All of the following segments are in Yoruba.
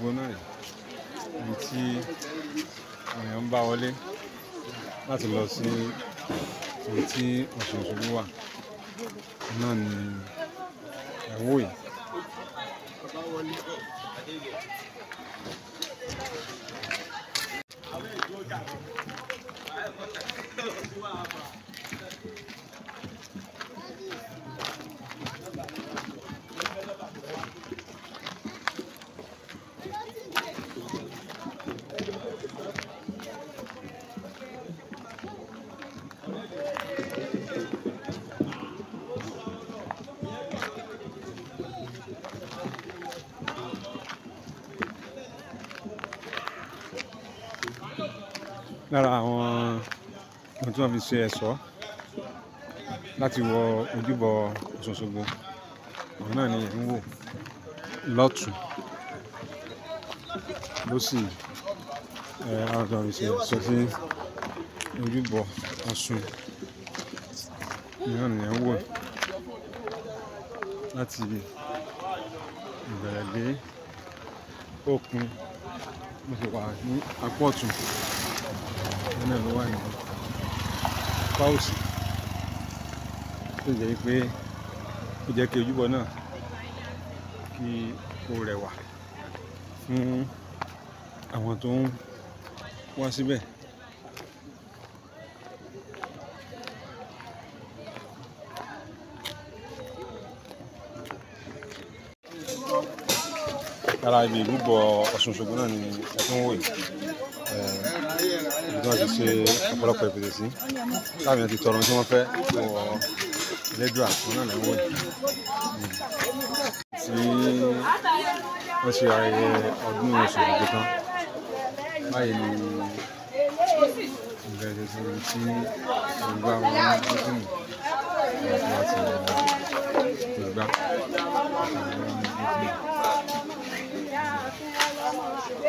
gbóná yìí ibi tí àwọn èèyàn ń bá wọlé láti lọ sí ibi tí Ọ̀ṣun Òṣogbo wà náà ni ẹ̀wọ́ yìí. lára àwọn ohun tí wọ́n fi ṣe ẹ̀ṣọ́ láti wọ ojúbọ Ọ̀ṣun Òṣogbo òun náà ni ẹ̀ ń wò lọ́tùn lósì ẹ̀ àwọn tí wọ́n fi ṣe ẹ̀ṣọ́ sí ojúbọ Ọ̀ṣun mìíràn ni ẹ̀ ń wò láti ìbẹ̀rẹ̀ dé òpin mo sì wà ní apọ̀ ọ̀tún náà ló wà ní apá òsì tó jẹ́ pé ó jẹ́ kí ojúbọ náà kí ó rẹwà fún àwọn tó ń wá síbẹ̀. ara ibi ìrúbọ Ọ̀ṣun Òṣogbo náà ni ẹ yìí ibi tí wọ́n ti ṣe ọ̀pọ̀lọpọ̀ ìpèsè sí láàbì náà ti tọrọ tí wọ́n fẹ́ wọ lẹ́jọ́ àkùn náà lẹ́wọ̀n tí wọ́n ṣe ayẹyẹ ọdún Òṣogbo tuntun báyìí ni ìbẹ̀rẹ̀ sí tí ìgbà wọn ń tún láti ìgbà.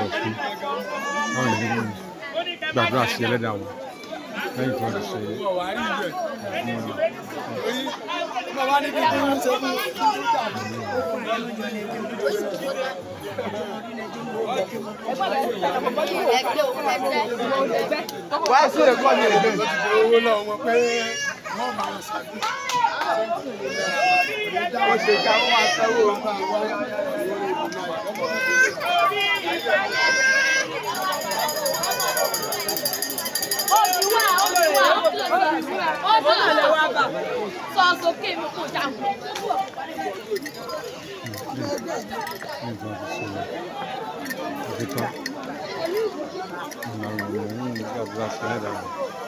ọ̀pọ̀ ọ̀fin wọ́n lè ní gbàdúrà sí ẹ̀kọ́ ní ẹ̀gbẹ́ owó náà wọ́n pé wọ́n máa ṣàkóso ó ṣe ká wọn wá sẹ́wọ́ ọ̀gá àwọn olùwà olùwà olùwà sọ sókè mi kò dà mọ. Thank you.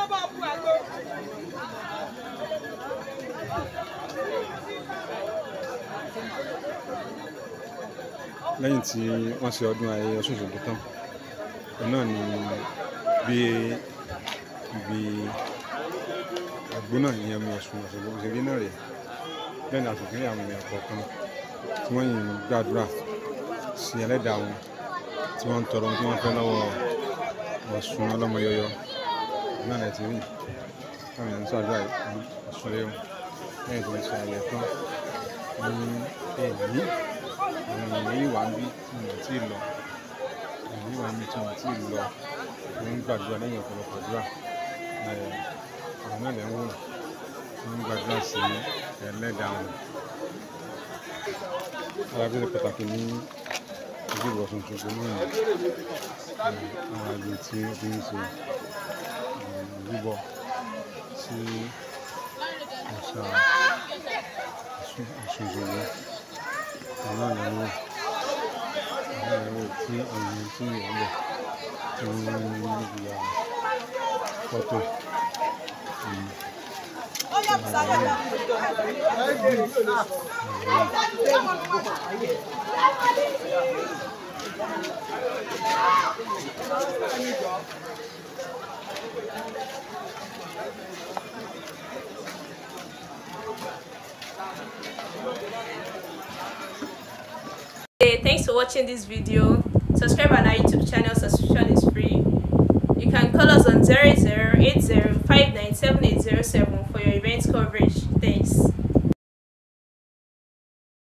kọ́ bá bu àgbo. lẹ́yìn tí wọ́n ṣe ọdún ayẹyẹ Ọ̀ṣun Òṣogbo tán òun náà ni bí ibi àgbo náà ìyẹn omi Ọ̀ṣun Òṣogbo òṣèré náà rèé bẹ́ẹ̀ ni àtòkèrè àwọn èèyàn kọ̀ọ̀kan tí wọ́n yìn gbàdúrà sí ẹlẹ́dàá wọn tí wọ́n ń tọrọ tí wọ́n fẹ́ lọ́wọ́ Ọ̀ṣun ọlọ́mọ yọyọ náà ti rí káwọn èèyàn ń sọdọ àṣọlẹ o lẹ́yìn tó ń ṣe ayẹyẹ tán ní ẹyí àwọn èèyàn wà ń bí wọn tí ì lọ èèyàn wà ń bí tí wọn tí ì lọ wọn gbàdúrà lẹ́yìn ọ̀pọ̀lọpọ̀ àdúrà àwọn náà lẹ ń wò wọn gbàdúrà sí ẹlẹ́dàá wọn arábìnrin pàtàkì ní ojú ìwọ̀sùn tuntun náà àwọn àgbè tí ó fi ń ṣe rúbọ sí òòṣà Ọ̀ṣun Òṣogbo aláàlọ́wọ́ aláàlọ́wọ́ tí ẹ̀yìn tí ìyọ́lẹ̀ tó ń rí níbi àwọn fọ́tò Thank you. watching this video. Subscribe on our YouTube channel, subscription is free. You can call us on 0080597807 for your event coverage. Thanks.